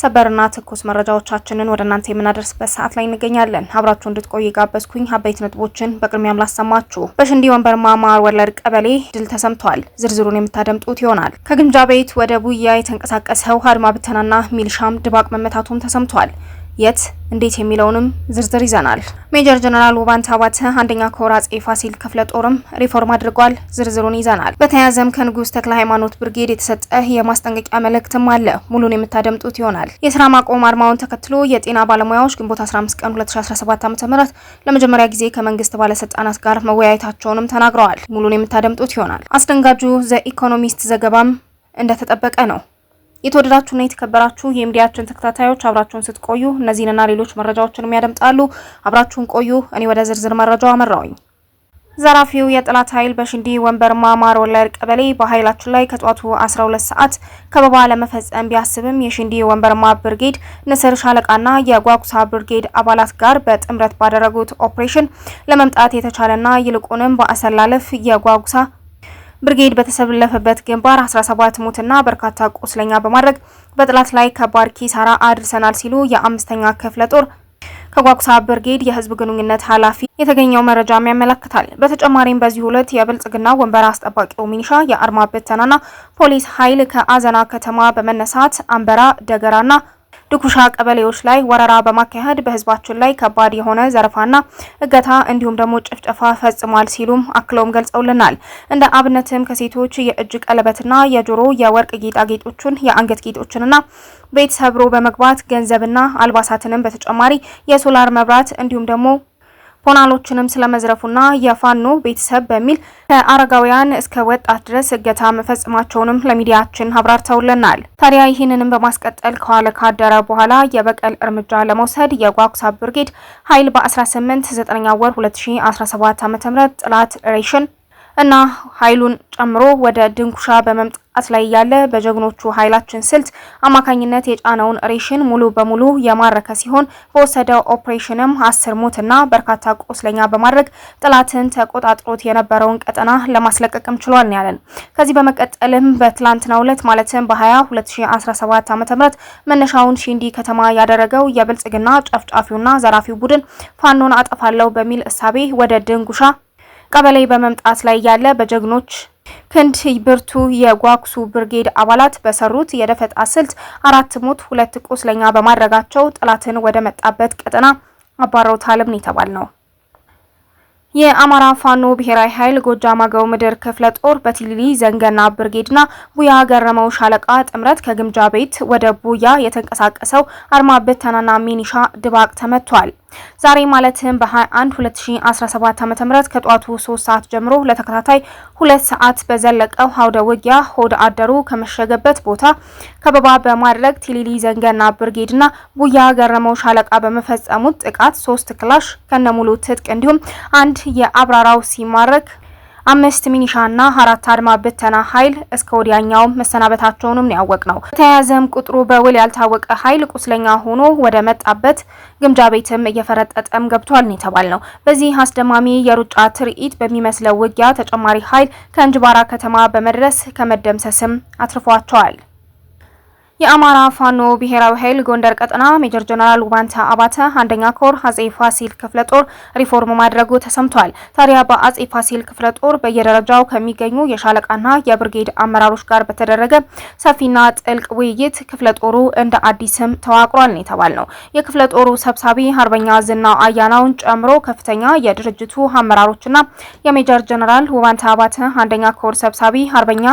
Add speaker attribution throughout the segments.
Speaker 1: ሰበርና ትኩስ መረጃዎቻችንን ወደ እናንተ የምናደርስበት ሰዓት ላይ እንገኛለን። አብራችሁ እንድትቆይ ጋበዝኩኝ። አበይት ነጥቦችን በቅድሚያም ላሰማችሁ። በሽንዲ ወንበርማ ማር ወለድ ቀበሌ ድል ተሰምቷል። ዝርዝሩን የምታደምጡት ይሆናል። ከግምጃ ቤት ወደ ቡያ የተንቀሳቀሰው አድማ ብተናና ሚልሻም ድባቅ መመታቱም ተሰምቷል። የት፣ እንዴት የሚለውንም ዝርዝር ይዘናል። ሜጀር ጀነራል ውባንተ አባተ አንደኛ ኮር አጼ ፋሲል ክፍለ ጦርም ሪፎርም አድርጓል። ዝርዝሩን ይዘናል። በተያያዘም ከንጉስ ተክለ ሃይማኖት ብርጌድ የተሰጠ የማስጠንቀቂያ መልእክትም አለ። ሙሉን የምታደምጡት ይሆናል። የስራ ማቆም አድማውን ተከትሎ የጤና ባለሙያዎች ግንቦት 15 ቀን 2017 .ም ለመጀመሪያ ጊዜ ከመንግስት ባለስልጣናት ጋር መወያየታቸውንም ተናግረዋል። ሙሉን የምታደምጡት ይሆናል። አስደንጋጁ ዘ ኢኮኖሚስት ዘገባም እንደተጠበቀ ነው። የተወደዳችሁና የተከበራችሁ የሚዲያችን ተከታታዮች አብራችሁን ስትቆዩ እነዚህንና ሌሎች መረጃዎችን የሚያደምጣሉ። አብራችሁን ቆዩ። እኔ ወደ ዝርዝር መረጃው አመራውኝ። ዘራፊው የጠላት ኃይል በሽንዲ ወንበርማ ማር ወላይር ቀበሌ በኃይላችን ላይ ከጧቱ 12 ሰዓት ከበባ ለመፈጸም ቢያስብም የሽንዲ ወንበርማ ብርጌድ ንስር ሻለቃና የጓጉሳ ብርጌድ አባላት ጋር በጥምረት ባደረጉት ኦፕሬሽን ለመምጣት የተቻለና ይልቁንም በአሰላለፍ የጓጉሳ ብርጌድ በተሰለፈበት ግንባር 17 ሙትና በርካታ ቁስለኛ በማድረግ በጠላት ላይ ከባድ ኪሳራ አድርሰናል ሲሉ የአምስተኛ ክፍለ ጦር ከጓጉሳ ብርጌድ የህዝብ ግንኙነት ኃላፊ የተገኘው መረጃም ያመለክታል። በተጨማሪም በዚህ ሁለት የብልጽግና ወንበር አስጠባቂው ሚኒሻ የአርማ ብተናና ፖሊስ ኃይል ከአዘና ከተማ በመነሳት አንበራ ደገራና ድኩሻ ቀበሌዎች ላይ ወረራ በማካሄድ በህዝባችን ላይ ከባድ የሆነ ዘረፋና እገታ እንዲሁም ደግሞ ጭፍጨፋ ፈጽሟል ሲሉም አክለውም ገልጸውልናል። እንደ አብነትም ከሴቶች የእጅ ቀለበትና የጆሮ የወርቅ ጌጣጌጦችን የአንገት ጌጦችንና ቤት ሰብሮ በመግባት ገንዘብና አልባሳትንም በተጨማሪ የሶላር መብራት እንዲሁም ደግሞ ሆናሎችንም ስለመዝረፉና የፋኖ ቤተሰብ በሚል ከአረጋውያን እስከ ወጣት ድረስ እገታ መፈጸማቸውንም ለሚዲያችን አብራርተውልናል። ታዲያ ይህንንም በማስቀጠል ከኋላ ካደረ በኋላ የበቀል እርምጃ ለመውሰድ የጓጉሳ ብርጌድ ኃይል በ18 9 ወር 2017 ዓ.ም ጥላት ሬሽን እና ኃይሉን ጨምሮ ወደ ድንኩሻ በመምጣት በማጥቃት ላይ ያለ በጀግኖቹ ኃይላችን ስልት አማካኝነት የጫነውን ሬሽን ሙሉ በሙሉ የማረከ ሲሆን በወሰደው ኦፕሬሽንም አስር እና በርካታ ቁስለኛ በማድረግ ጠላትን ተቆጣጥሮት የነበረውን ቀጠና ለማስለቀቅም ችሏል ያለን። ከዚህ በመቀጠልም በትላንትናው ዕለት ማለትም በ20/2017 ዓ.ም መነሻውን ሺንዲ ከተማ ያደረገው የብልጽግና ጨፍጫፊውና ዘራፊው ቡድን ፋኖን አጠፋለሁ በሚል እሳቤ ወደ ድንጉሻ ቀበሌ በመምጣት ላይ ያለ በጀግኖች ክንድ ብርቱ የጓክሱ ብርጌድ አባላት በሰሩት የደፈጣ ስልት አራት ሞት ሁለት ቁስለኛ በማድረጋቸው ጠላትን ወደ መጣበት ቀጠና አባረውታልም የተባል ነው። የአማራ ፋኖ ብሔራዊ ኃይል ጎጃም አገው ምድር ክፍለ ጦር በቲሊሊ ዘንገና ብርጌድና ቡያ ገረመው ሻለቃ ጥምረት ከግምጃ ቤት ወደ ቡያ የተንቀሳቀሰው አርማ ብተናና ሚኒሻ ድባቅ ተመቷል። ዛሬ ማለትም በ21 2017 ዓ.ም ከጠዋቱ 3 ሰዓት ጀምሮ ለተከታታይ ሁለት ሰዓት በዘለቀው አውደ ውጊያ ሆድ አደሩ ከመሸገበት ቦታ ከበባ በማድረግ ቲሊሊ ዘንገና ብርጌድና ቡያ ገረመው ሻለቃ በመፈጸሙት ጥቃት ሶስት ክላሽ ከነሙሉ ትጥቅ እንዲሁም አንድ የአብራራው ሲማረክ አምስት ሚኒሻና አራት አድማ ብተና ኃይል እስከ ወዲያኛው መሰናበታቸውንም ያወቅ ነው። በተያያዘም ቁጥሩ በውል ያልታወቀ ኃይል ቁስለኛ ሆኖ ወደ መጣበት ግምጃ ቤትም እየፈረጠጠም ገብቷል ነው የተባል ነው። በዚህ አስደማሚ የሩጫ ትርኢት በሚመስለው ውጊያ ተጨማሪ ኃይል ከእንጅባራ ከተማ በመድረስ ከመደምሰስም አትርፏቸዋል። የአማራ ፋኖ ብሔራዊ ኃይል ጎንደር ቀጠና ሜጀር ጀነራል ውባንታ አባተ አንደኛ ኮር አጼ ፋሲል ክፍለ ጦር ሪፎርም ማድረጉ ተሰምቷል። ታዲያ በአጼ ፋሲል ክፍለ ጦር በየደረጃው ከሚገኙ የሻለቃና የብርጌድ አመራሮች ጋር በተደረገ ሰፊና ጥልቅ ውይይት ክፍለ ጦሩ እንደ አዲስም ተዋቅሯል ነው ነው። የክፍለ ጦሩ ሰብሳቢ አርበኛ ዝና አያናውን ጨምሮ ከፍተኛ የድርጅቱ አመራሮችና የሜጀር ጀነራል ውባንታ አባተ አንደኛ ኮር ሰብሳቢ አርበኛ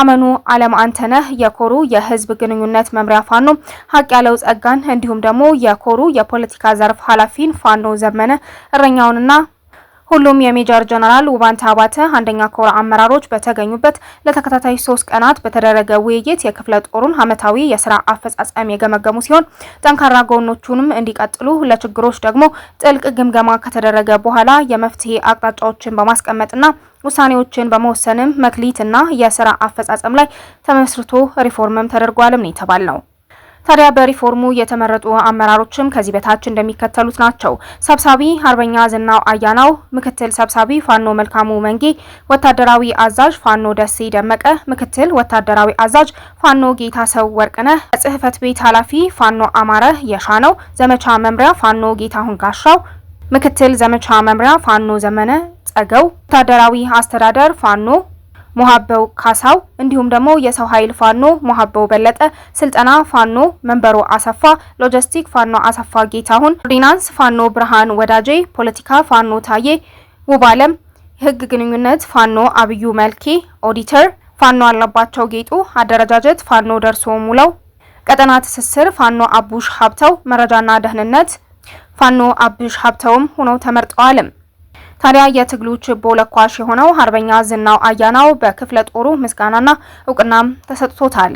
Speaker 1: አመኑ አለም አንተነህ የኮሩ የህዝብ ግንኙነት መምሪያ ፋኖ ሀቅ ያለው ጸጋን እንዲሁም ደግሞ የኮሩ የፖለቲካ ዘርፍ ኃላፊን ፋኖ ዘመነ እረኛውንና ሁሉም የሜጀር ጀነራል ውባንተ አባተ አንደኛ ኮር አመራሮች በተገኙበት ለተከታታይ ሶስት ቀናት በተደረገ ውይይት የክፍለ ጦሩን ዓመታዊ የስራ አፈጻጸም የገመገሙ ሲሆን ጠንካራ ጎኖቹንም እንዲቀጥሉ ለችግሮች ደግሞ ጥልቅ ግምገማ ከተደረገ በኋላ የመፍትሄ አቅጣጫዎችን በማስቀመጥና ውሳኔዎችን በመወሰንም መክሊትና የስራ አፈጻጸም ላይ ተመስርቶ ሪፎርምም ተደርጓልም ነው የተባል ነው። ታዲያ በሪፎርሙ የተመረጡ አመራሮችም ከዚህ በታች እንደሚከተሉት ናቸው። ሰብሳቢ አርበኛ ዝናው አያናው፣ ምክትል ሰብሳቢ ፋኖ መልካሙ መንጌ፣ ወታደራዊ አዛዥ ፋኖ ደሴ ደመቀ፣ ምክትል ወታደራዊ አዛዥ ፋኖ ጌታ ሰው ወርቅነህ፣ ጽህፈት ቤት ኃላፊ ፋኖ አማረ የሻነው፣ ዘመቻ መምሪያ ፋኖ ጌታሁን ጋሻው፣ ምክትል ዘመቻ መምሪያ ፋኖ ዘመነ ጸገው፣ ወታደራዊ አስተዳደር ፋኖ ሙሀበው ካሳው እንዲሁም ደግሞ የሰው ኃይል ፋኖ ሙሀበው በለጠ፣ ስልጠና ፋኖ መንበሮ አሰፋ፣ ሎጂስቲክ ፋኖ አሰፋ ጌታሁን፣ ኦርዲናንስ ፋኖ ብርሃን ወዳጄ፣ ፖለቲካ ፋኖ ታዬ ውባለም፣ የህግ ግንኙነት ፋኖ አብዩ መልኬ፣ ኦዲተር ፋኖ አለባቸው ጌጡ፣ አደረጃጀት ፋኖ ደርሶ ሙለው፣ ቀጠና ትስስር ፋኖ አቡሽ ሀብተው፣ መረጃና ደህንነት ፋኖ አቡሽ ሀብተውም ሆነው ተመርጠዋልም። ታዲያ የትግሉ ችቦ ለኳሽ የሆነው አርበኛ ዝናው አያናው በክፍለ ጦሩ ምስጋናና እውቅናም ተሰጥቶታል።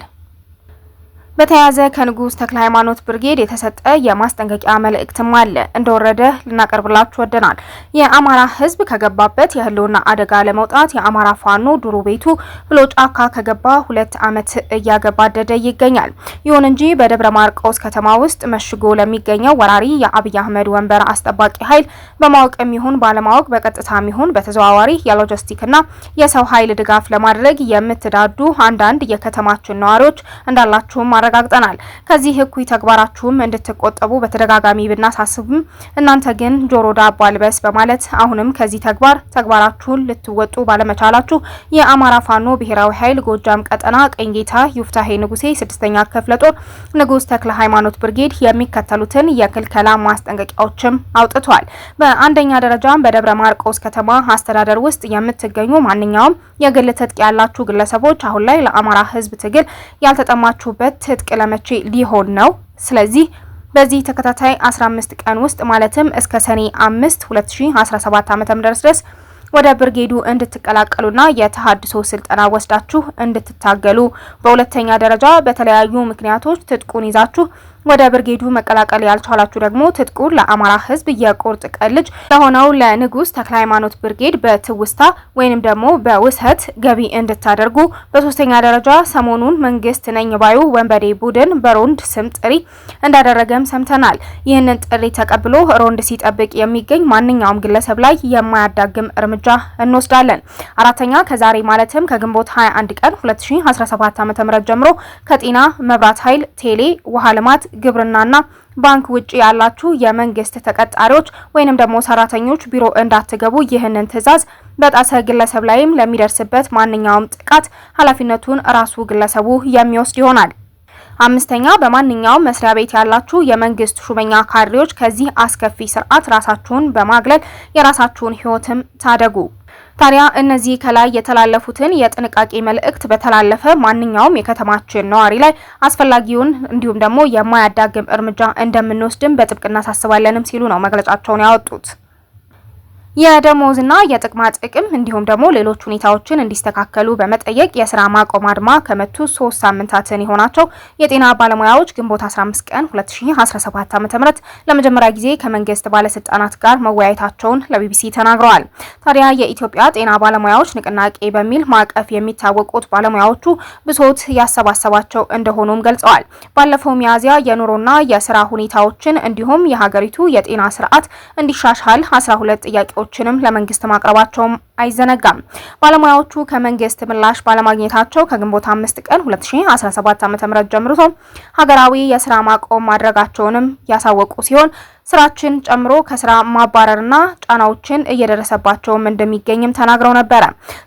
Speaker 1: በተያያዘ ከንጉስ ተክለ ሃይማኖት ብርጌድ የተሰጠ የማስጠንቀቂያ መልእክትም አለ እንደወረደ ልናቀርብላችሁ ወደናል። የአማራ ህዝብ ከገባበት የህልውና አደጋ ለመውጣት የአማራ ፋኖ ድሮ ቤቱ ብሎ ጫካ ከገባ ሁለት ዓመት እያገባደደ ይገኛል። ይሁን እንጂ በደብረ ማርቆስ ከተማ ውስጥ መሽጎ ለሚገኘው ወራሪ የአብይ አህመድ ወንበር አስጠባቂ ኃይል በማወቅም ይሁን ባለማወቅ በቀጥታም ይሁን በተዘዋዋሪ የሎጂስቲክና የሰው ኃይል ድጋፍ ለማድረግ የምትዳዱ አንዳንድ የከተማችን ነዋሪዎች እንዳላችሁም አረጋግጠናል። ከዚህ እኩይ ተግባራችሁም እንድትቆጠቡ በተደጋጋሚ ብናሳስብም እናንተ ግን ጆሮ ዳባ ልበስ በማለት አሁንም ከዚህ ተግባር ተግባራችሁን ልትወጡ ባለመቻላችሁ የአማራ ፋኖ ብሔራዊ ኃይል ጎጃም ቀጠና ቀኝጌታ ዩፍታሄ ንጉሴ ስድስተኛ ክፍለ ጦር ንጉስ ተክለ ሃይማኖት ብርጌድ የሚከተሉትን የክልከላ ማስጠንቀቂያዎችም አውጥቷል። በአንደኛ ደረጃ በደብረ ማርቆስ ከተማ አስተዳደር ውስጥ የምትገኙ ማንኛውም የግል ትጥቅ ያላችሁ ግለሰቦች አሁን ላይ ለአማራ ህዝብ ትግል ያልተጠማችሁበት ትጥቅ ለመቼ ሊሆን ነው? ስለዚህ በዚህ ተከታታይ 15 ቀን ውስጥ ማለትም እስከ ሰኔ 5 2017 ዓ.ም ድረስ ወደ ብርጌዱ እንድትቀላቀሉና የተሃድሶ ስልጠና ወስዳችሁ እንድትታገሉ፣ በሁለተኛ ደረጃ በተለያዩ ምክንያቶች ትጥቁን ይዛችሁ ወደ ብርጌዱ መቀላቀል ያልቻላችሁ ደግሞ ትጥቁ ለአማራ ህዝብ የቁርጥ ቀን ልጅ ለሆነው ለንጉስ ተክለ ሃይማኖት ብርጌድ በትውስታ ወይንም ደግሞ በውሰት ገቢ እንድታደርጉ። በሶስተኛ ደረጃ ሰሞኑን መንግስት ነኝ ባዩ ወንበዴ ቡድን በሮንድ ስም ጥሪ እንዳደረገም ሰምተናል። ይህንን ጥሪ ተቀብሎ ሮንድ ሲጠብቅ የሚገኝ ማንኛውም ግለሰብ ላይ የማያዳግም እርምጃ እንወስዳለን። አራተኛ ከዛሬ ማለትም ከግንቦት 21 ቀን 2017 ዓ.ም ጀምሮ ከጤና፣ መብራት ኃይል፣ ቴሌ፣ ውሃ ልማት ግብርናና ባንክ ውጭ ያላችሁ የመንግስት ተቀጣሪዎች ወይንም ደግሞ ሰራተኞች ቢሮ እንዳትገቡ ይህንን ትዕዛዝ በጣሰ ግለሰብ ላይም ለሚደርስበት ማንኛውም ጥቃት ኃላፊነቱን ራሱ ግለሰቡ የሚወስድ ይሆናል። አምስተኛ በማንኛውም መስሪያ ቤት ያላችሁ የመንግስት ሹመኛ ካድሬዎች ከዚህ አስከፊ ስርዓት ራሳችሁን በማግለል የራሳችሁን ህይወትም ታደጉ። ታዲያ እነዚህ ከላይ የተላለፉትን የጥንቃቄ መልእክት በተላለፈ ማንኛውም የከተማችን ነዋሪ ላይ አስፈላጊውን እንዲሁም ደግሞ የማያዳግም እርምጃ እንደምንወስድም በጥብቅ እናሳስባለንም ሲሉ ነው መግለጫቸውን ያወጡት። የደሞዝና የጥቅማ ጥቅም እንዲሁም ደግሞ ሌሎች ሁኔታዎችን እንዲስተካከሉ በመጠየቅ የስራ ማቆም አድማ ከመቱ ሶስት ሳምንታትን የሆናቸው የጤና ባለሙያዎች ግንቦት 15 ቀን 2017 ዓ.ም ለመጀመሪያ ጊዜ ከመንግስት ባለስልጣናት ጋር መወያየታቸውን ለቢቢሲ ተናግረዋል። ታዲያ የኢትዮጵያ ጤና ባለሙያዎች ንቅናቄ በሚል ማዕቀፍ የሚታወቁት ባለሙያዎቹ ብሶት ያሰባሰባቸው እንደሆኑም ገልጸዋል። ባለፈው ሚያዝያ የኑሮና የስራ ሁኔታዎችን እንዲሁም የሀገሪቱ የጤና ስርዓት እንዲሻሻል 12 ጥያቄዎች ጥያቄዎችንም ለመንግስት ማቅረባቸውም አይዘነጋም። ባለሙያዎቹ ከመንግስት ምላሽ ባለማግኘታቸው ከግንቦት አምስት ቀን 2017 ዓ.ም ጀምሮ ሀገራዊ የስራ ማቆም ማድረጋቸውንም ያሳወቁ ሲሆን ስራችን ጨምሮ ከስራ ማባረርና ጫናዎችን እየደረሰባቸውም እንደሚገኝም ተናግረው ነበረ።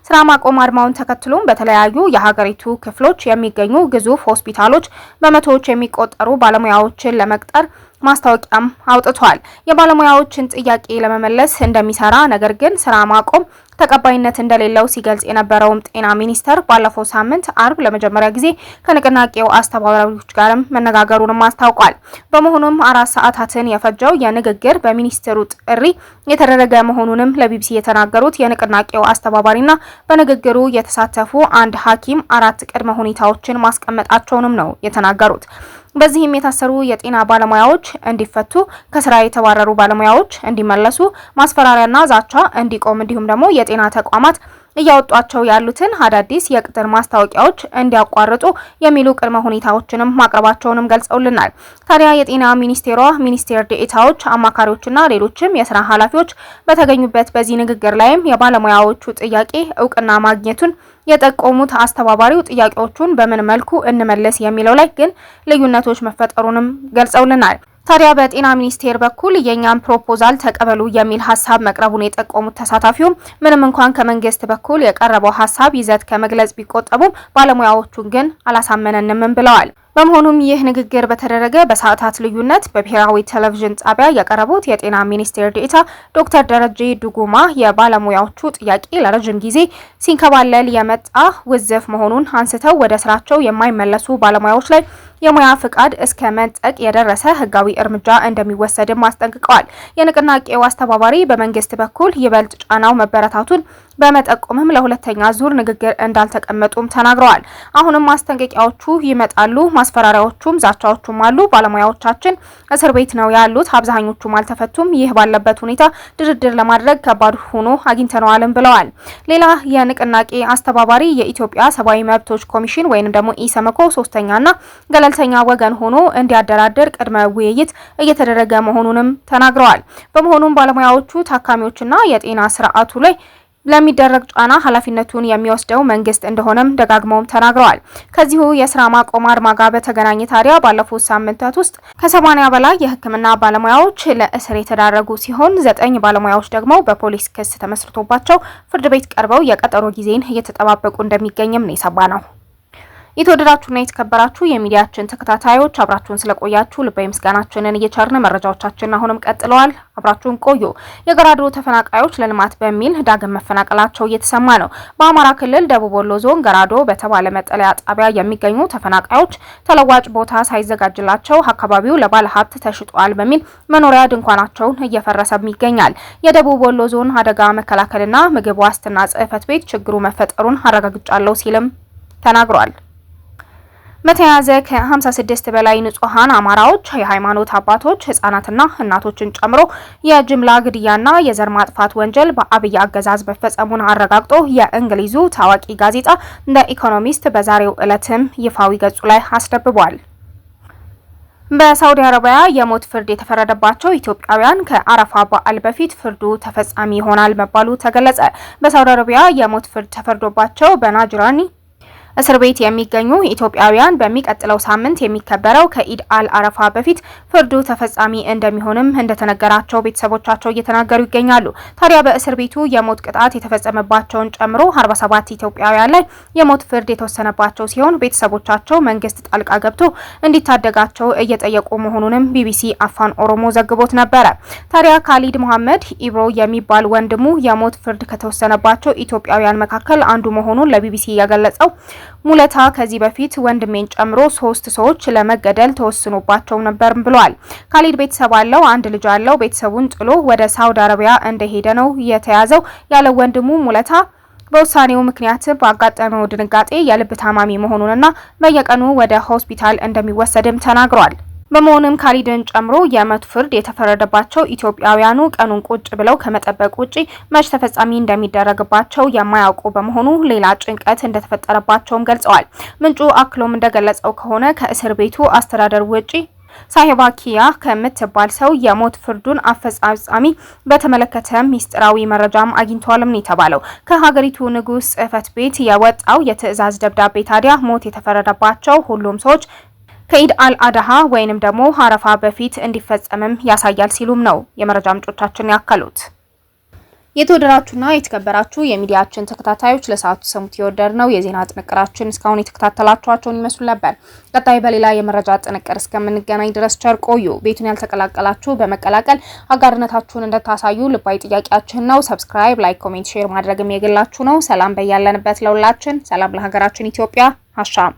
Speaker 1: ስራ ማቆም አድማውን ተከትሎም በተለያዩ የሀገሪቱ ክፍሎች የሚገኙ ግዙፍ ሆስፒታሎች በመቶዎች የሚቆጠሩ ባለሙያዎችን ለመቅጠር ማስታወቂያም አውጥቷል። የባለሙያዎችን ጥያቄ ለመመለስ እንደሚሰራ ነገር ግን ስራ ማቆም ተቀባይነት እንደሌለው ሲገልጽ የነበረውም ጤና ሚኒስቴር ባለፈው ሳምንት አርብ ለመጀመሪያ ጊዜ ከንቅናቄው አስተባባሪዎች ጋርም መነጋገሩንም አስታውቋል። በመሆኑም አራት ሰዓታትን የፈጀው የንግግር በሚኒስትሩ ጥሪ የተደረገ መሆኑንም ለቢቢሲ የተናገሩት የንቅናቄው አስተባባሪና በንግግሩ የተሳተፉ አንድ ሐኪም አራት ቅድመ ሁኔታዎችን ማስቀመጣቸውንም ነው የተናገሩት። በዚህም የታሰሩ የጤና ባለሙያዎች እንዲፈቱ፣ ከስራ የተባረሩ ባለሙያዎች እንዲመለሱ፣ ማስፈራሪያና ዛቻ እንዲቆም እንዲሁም ደግሞ የጤና ተቋማት እያወጧቸው ያሉትን አዳዲስ የቅጥር ማስታወቂያዎች እንዲያቋርጡ የሚሉ ቅድመ ሁኔታዎችንም ማቅረባቸውንም ገልጸውልናል። ታዲያ የጤና ሚኒስቴሯ ሚኒስቴር ዴኤታዎች፣ አማካሪዎችና ሌሎችም የስራ ኃላፊዎች በተገኙበት በዚህ ንግግር ላይም የባለሙያዎቹ ጥያቄ እውቅና ማግኘቱን የጠቆሙት አስተባባሪው ጥያቄዎቹን በምን መልኩ እንመለስ የሚለው ላይ ግን ልዩነቶች መፈጠሩንም ገልጸውልናል። ታዲያ በጤና ሚኒስቴር በኩል የእኛም ፕሮፖዛል ተቀበሉ የሚል ሀሳብ መቅረቡን የጠቆሙት ተሳታፊው ምንም እንኳን ከመንግስት በኩል የቀረበው ሀሳብ ይዘት ከመግለጽ ቢቆጠቡም ባለሙያዎቹን ግን አላሳመነንም ብለዋል። በመሆኑም ይህ ንግግር በተደረገ በሰዓታት ልዩነት በብሔራዊ ቴሌቪዥን ጣቢያ ያቀረቡት የጤና ሚኒስቴር ዴኤታ ዶክተር ደረጀ ዱጉማ የባለሙያዎቹ ጥያቄ ለረዥም ጊዜ ሲንከባለል የመጣ ውዝፍ መሆኑን አንስተው ወደ ስራቸው የማይመለሱ ባለሙያዎች ላይ የሙያ ፍቃድ እስከ መንጠቅ የደረሰ ህጋዊ እርምጃ እንደሚወሰድም አስጠንቅቀዋል። የንቅናቄው አስተባባሪ በመንግስት በኩል ይበልጥ ጫናው መበረታቱን በመጠቆምም ለሁለተኛ ዙር ንግግር እንዳልተቀመጡም ተናግረዋል። አሁንም ማስጠንቀቂያዎቹ ይመጣሉ፣ ማስፈራሪያዎቹም ዛቻዎቹም አሉ። ባለሙያዎቻችን እስር ቤት ነው ያሉት፣ አብዛኞቹም አልተፈቱም። ይህ ባለበት ሁኔታ ድርድር ለማድረግ ከባድ ሆኖ አግኝተነዋልም ብለዋል። ሌላ የንቅናቄ አስተባባሪ የኢትዮጵያ ሰብአዊ መብቶች ኮሚሽን ወይም ደግሞ ኢሰመኮ ሶስተኛና ገለልተኛ ወገን ሆኖ እንዲያደራድር ቅድመ ውይይት እየተደረገ መሆኑንም ተናግረዋል። በመሆኑም ባለሙያዎቹ ታካሚዎችና የጤና ስርዓቱ ላይ ለሚደረግ ጫና ኃላፊነቱን የሚወስደው መንግስት እንደሆነም ደጋግመውም ተናግረዋል። ከዚሁ የስራ ማቆም አድማ ጋር በተገናኘ ታዲያ ባለፉት ሳምንታት ውስጥ ከሰማኒያ በላይ የህክምና ባለሙያዎች ለእስር የተዳረጉ ሲሆን ዘጠኝ ባለሙያዎች ደግሞ በፖሊስ ክስ ተመስርቶባቸው ፍርድ ቤት ቀርበው የቀጠሮ ጊዜን እየተጠባበቁ እንደሚገኝም ነው የሰማ ነው። የተወደዳችሁና የተከበራችሁ የሚዲያችን ተከታታዮች አብራችሁን ስለቆያችሁ ልባዊ ምስጋናችንን እየቸርን መረጃዎቻችን አሁንም ቀጥለዋል። አብራችሁን ቆዩ። የገራዶ ተፈናቃዮች ለልማት በሚል ዳግም መፈናቀላቸው እየተሰማ ነው። በአማራ ክልል ደቡብ ወሎ ዞን ገራዶ በተባለ መጠለያ ጣቢያ የሚገኙ ተፈናቃዮች ተለዋጭ ቦታ ሳይዘጋጅላቸው አካባቢው ለባለ ሀብት ተሽጧል በሚል መኖሪያ ድንኳናቸውን እየፈረሰም ይገኛል። የደቡብ ወሎ ዞን አደጋ መከላከልና ምግብ ዋስትና ጽህፈት ቤት ችግሩ መፈጠሩን አረጋግጫለሁ ሲልም ተናግሯል። በተያያዘ ከ56 በላይ ንጹሐን አማራዎች፣ የሃይማኖት አባቶች፣ ህጻናትና እናቶችን ጨምሮ የጅምላ ግድያና የዘር ማጥፋት ወንጀል በአብይ አገዛዝ መፈጸሙን አረጋግጦ የእንግሊዙ ታዋቂ ጋዜጣ ዘ ኢኮኖሚስት በዛሬው ዕለትም ይፋዊ ገጹ ላይ አስነብቧል። በሳውዲ አረቢያ የሞት ፍርድ የተፈረደባቸው ኢትዮጵያውያን ከአረፋ በዓል በፊት ፍርዱ ተፈጻሚ ይሆናል መባሉ ተገለጸ። በሳውዲ አረቢያ የሞት ፍርድ ተፈርዶባቸው በናጅራኒ እስር ቤት የሚገኙ ኢትዮጵያውያን በሚቀጥለው ሳምንት የሚከበረው ከኢድ አል አረፋ በፊት ፍርዱ ተፈጻሚ እንደሚሆንም እንደተነገራቸው ቤተሰቦቻቸው እየተናገሩ ይገኛሉ። ታዲያ በእስር ቤቱ የሞት ቅጣት የተፈጸመባቸውን ጨምሮ 47 ኢትዮጵያውያን ላይ የሞት ፍርድ የተወሰነባቸው ሲሆን ቤተሰቦቻቸው መንግስት ጣልቃ ገብቶ እንዲታደጋቸው እየጠየቁ መሆኑንም ቢቢሲ አፋን ኦሮሞ ዘግቦት ነበረ። ታዲያ ካሊድ መሐመድ ኢብሮ የሚባል ወንድሙ የሞት ፍርድ ከተወሰነባቸው ኢትዮጵያውያን መካከል አንዱ መሆኑን ለቢቢሲ ያገለጸው ሙለታ ከዚህ በፊት ወንድሜን ጨምሮ ሶስት ሰዎች ለመገደል ተወስኖባቸው ነበር ብሏል። ካሊድ ቤተሰብ አለው፣ አንድ ልጅ አለው። ቤተሰቡን ጥሎ ወደ ሳውዲ አረቢያ እንደሄደ ነው የተያዘው ያለው ወንድሙ ሙለታ በውሳኔው ምክንያት ባጋጠመው ድንጋጤ የልብ ታማሚ መሆኑንና በየቀኑ ወደ ሆስፒታል እንደሚወሰድም ተናግሯል። በመሆኑም ካሊድን ጨምሮ የሞት ፍርድ የተፈረደባቸው ኢትዮጵያውያኑ ቀኑን ቁጭ ብለው ከመጠበቅ ውጪ መች ተፈጻሚ እንደሚደረግባቸው የማያውቁ በመሆኑ ሌላ ጭንቀት እንደተፈጠረባቸውም ገልጸዋል። ምንጩ አክሎም እንደገለጸው ከሆነ ከእስር ቤቱ አስተዳደር ውጪ ሳሂባ ኪያ ከምትባል ሰው የሞት ፍርዱን አፈጻጻሚ በተመለከተ ሚስጥራዊ መረጃም አግኝተዋልም ነው የተባለው። ከሀገሪቱ ንጉሥ ጽህፈት ቤት የወጣው የትዕዛዝ ደብዳቤ ታዲያ ሞት የተፈረደባቸው ሁሉም ሰዎች ከኢድ አልአድሃ ወይንም ደግሞ አረፋ በፊት እንዲፈጸምም ያሳያል ሲሉም ነው የመረጃ ምንጮቻችን ያከሉት። የተወደራችሁና የተከበራችሁ የሚዲያችን ተከታታዮች ለሰዓቱ ሰሙት የወደድ ነው የዜና ጥንቅራችን እስካሁን የተከታተላችኋቸውን ይመስሉ ነበር። ቀጣይ በሌላ የመረጃ ጥንቅር እስከምንገናኝ ድረስ ቸር ቆዩ። ቤቱን ያልተቀላቀላችሁ በመቀላቀል አጋርነታችሁን እንደታሳዩ ልባዊ ጥያቄያችን ነው። ሰብስክራይብ፣ ላይክ፣ ኮሜንት፣ ሼር ማድረግም የግላችሁ ነው። ሰላም በያለንበት ለሁላችን። ሰላም ለሀገራችን ኢትዮጵያ አሻም